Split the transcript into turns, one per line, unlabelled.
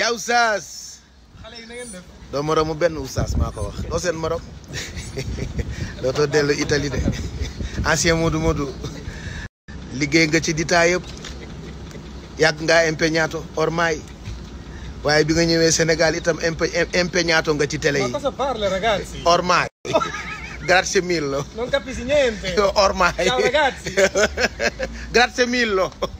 yaa oustaz xale yi na ngeen def doo moroomu benn oustaz maa ko wax doo seen morom dootoo dellu Italie de ancien Modou Modou liggéey nga ci ditaa yëpp yàgg ngaa impegnato ormay waaye bi nga ñëwee Sénégal itam impegnato nga ci télé
yi ormay
grazie mille
ormay grazie mille